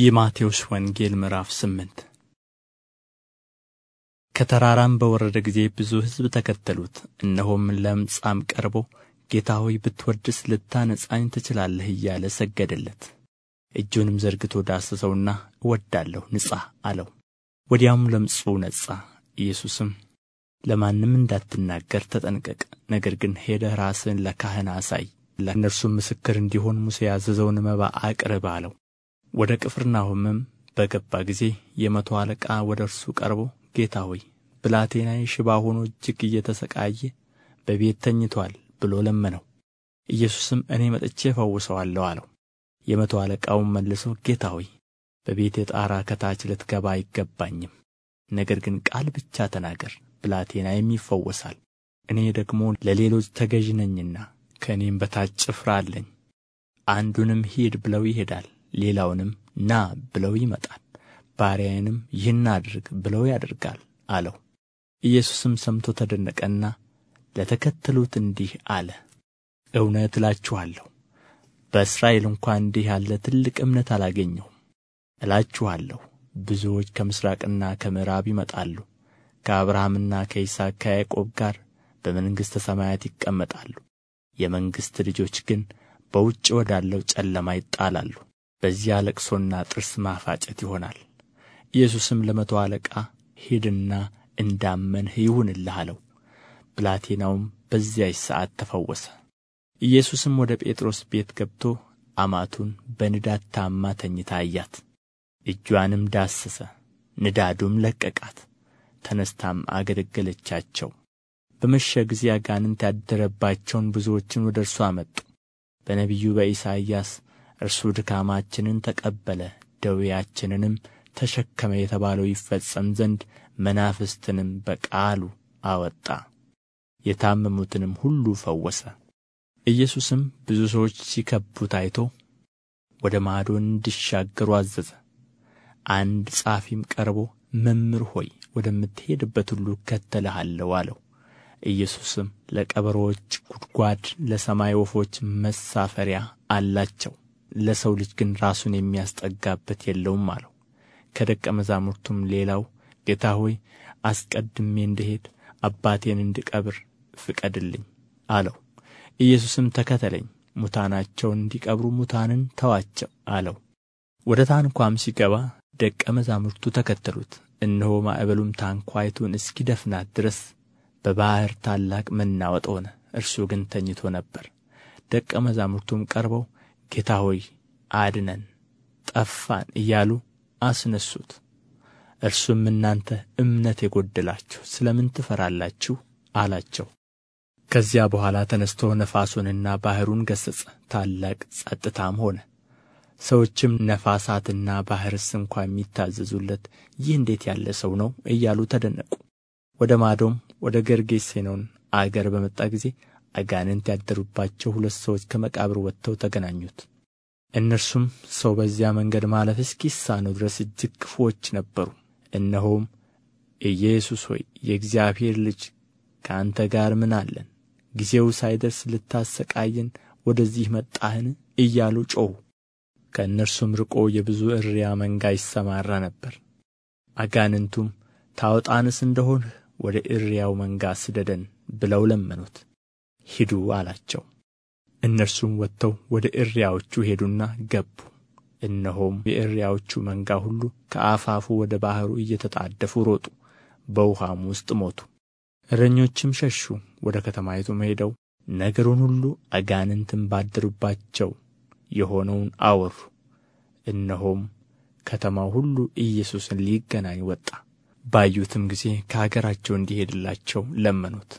የማቴዎስ ወንጌል ምዕራፍ ስምንት ከተራራም በወረደ ጊዜ ብዙ ሕዝብ ተከተሉት። እነሆም ለምጻም ቀርቦ ጌታ ሆይ ብትወድስ ልታነጻኝ ትችላለህ እያለ ሰገደለት። እጁንም ዘርግቶ ዳሰሰውና እወዳለሁ ንጻ አለው። ወዲያውም ለምጹ ነጻ። ኢየሱስም ለማንም እንዳትናገር ተጠንቀቅ፣ ነገር ግን ሄደህ ራስህን ለካህን አሳይ፣ ለእነርሱም ምስክር እንዲሆን ሙሴ ያዘዘውን መባ አቅርብ አለው። ወደ ቅፍርናሆምም በገባ ጊዜ የመቶ አለቃ ወደ እርሱ ቀርቦ ጌታ ሆይ ብላቴናዬ ሽባ ሆኖ እጅግ እየተሰቃየ በቤት ተኝቶአል ብሎ ለመነው። ኢየሱስም እኔ መጥቼ እፈውሰዋለሁ አለው። የመቶ አለቃውም መልሶ ጌታ ሆይ በቤቴ ጣራ ከታች ልትገባ አይገባኝም፣ ነገር ግን ቃል ብቻ ተናገር፣ ብላቴናዬም ይፈወሳል። እኔ ደግሞ ለሌሎች ተገዥ ነኝና ከእኔም በታች ጭፍራ አለኝ፣ አንዱንም ሂድ ብለው ይሄዳል ሌላውንም ና ብለው ይመጣል፣ ባሪያዬንም ይህን አድርግ ብለው ያደርጋል አለው። ኢየሱስም ሰምቶ ተደነቀና ለተከተሉት እንዲህ አለ፣ እውነት እላችኋለሁ በእስራኤል እንኳ እንዲህ ያለ ትልቅ እምነት አላገኘሁም። እላችኋለሁ ብዙዎች ከምሥራቅና ከምዕራብ ይመጣሉ፣ ከአብርሃምና ከይስሐቅ ከያዕቆብ ጋር በመንግሥተ ሰማያት ይቀመጣሉ። የመንግሥት ልጆች ግን በውጭ ወዳለው ጨለማ ይጣላሉ። በዚያ ለቅሶና ጥርስ ማፋጨት ይሆናል። ኢየሱስም ለመቶ አለቃ ሂድና እንዳመንህ ይሁንልህ አለው። ብላቴናውም በዚያች ሰዓት ተፈወሰ። ኢየሱስም ወደ ጴጥሮስ ቤት ገብቶ አማቱን በንዳድ ታማ ተኝታ አያት። እጇንም ዳሰሰ፣ ንዳዱም ለቀቃት። ተነስታም አገለገለቻቸው። በመሸ ጊዜ አጋንንት ያደረባቸውን ብዙዎችን ወደ እርሱ አመጡ። በነቢዩ በኢሳይያስ እርሱ ድካማችንን ተቀበለ ደዌያችንንም ተሸከመ የተባለው ይፈጸም ዘንድ መናፍስትንም በቃሉ አወጣ፣ የታመሙትንም ሁሉ ፈወሰ። ኢየሱስም ብዙ ሰዎች ሲከቡት አይቶ ወደ ማዶ እንዲሻገሩ አዘዘ። አንድ ጻፊም ቀርቦ መምር ሆይ ወደምትሄድበት ሁሉ እከተልሃለሁ አለው። ኢየሱስም ለቀበሮዎች ጉድጓድ፣ ለሰማይ ወፎች መሳፈሪያ አላቸው ለሰው ልጅ ግን ራሱን የሚያስጠጋበት የለውም አለው። ከደቀ መዛሙርቱም ሌላው ጌታ ሆይ አስቀድሜ እንድሄድ አባቴን እንድቀብር ፍቀድልኝ አለው። ኢየሱስም ተከተለኝ፣ ሙታናቸውን እንዲቀብሩ ሙታንን ተዋቸው አለው። ወደ ታንኳም ሲገባ ደቀ መዛሙርቱ ተከተሉት። እነሆ ማዕበሉም ታንኳይቱን እስኪደፍናት ድረስ በባሕር ታላቅ መናወጥ ሆነ። እርሱ ግን ተኝቶ ነበር። ደቀ መዛሙርቱም ቀርበው ጌታ ሆይ አድነን ጠፋን እያሉ አስነሱት። እርሱም እናንተ እምነት የጎደላችሁ ስለ ምን ትፈራላችሁ አላቸው። ከዚያ በኋላ ተነስቶ ነፋሱንና ባሕሩን ገሠጸ፣ ታላቅ ጸጥታም ሆነ። ሰዎችም ነፋሳትና ባሕርስ እንኳ የሚታዘዙለት ይህ እንዴት ያለ ሰው ነው እያሉ ተደነቁ። ወደ ማዶም ወደ ገርጌሴኖን አገር በመጣ ጊዜ አጋንንት ያደሩባቸው ሁለት ሰዎች ከመቃብር ወጥተው ተገናኙት። እነርሱም ሰው በዚያ መንገድ ማለፍ እስኪሳነው ድረስ እጅግ ክፉዎች ነበሩ። እነሆም ኢየሱስ ሆይ የእግዚአብሔር ልጅ ከአንተ ጋር ምን አለን? ጊዜው ሳይደርስ ልታሰቃየን ወደዚህ መጣህን? እያሉ ጮኹ። ከእነርሱም ርቆ የብዙ እሪያ መንጋ ይሰማራ ነበር። አጋንንቱም ታወጣንስ እንደሆንህ ወደ እሪያው መንጋ ስደደን ብለው ለመኑት። ሂዱ አላቸው እነርሱም ወጥተው ወደ እሪያዎቹ ሄዱና ገቡ እነሆም የእሪያዎቹ መንጋ ሁሉ ከአፋፉ ወደ ባሕሩ እየተጣደፉ ሮጡ በውሃም ውስጥ ሞቱ እረኞችም ሸሹ ወደ ከተማይቱም ሄደው ነገሩን ሁሉ አጋንንትን ባደሩባቸው የሆነውን አወሩ እነሆም ከተማው ሁሉ ኢየሱስን ሊገናኝ ወጣ ባዩትም ጊዜ ከአገራቸው እንዲሄድላቸው ለመኑት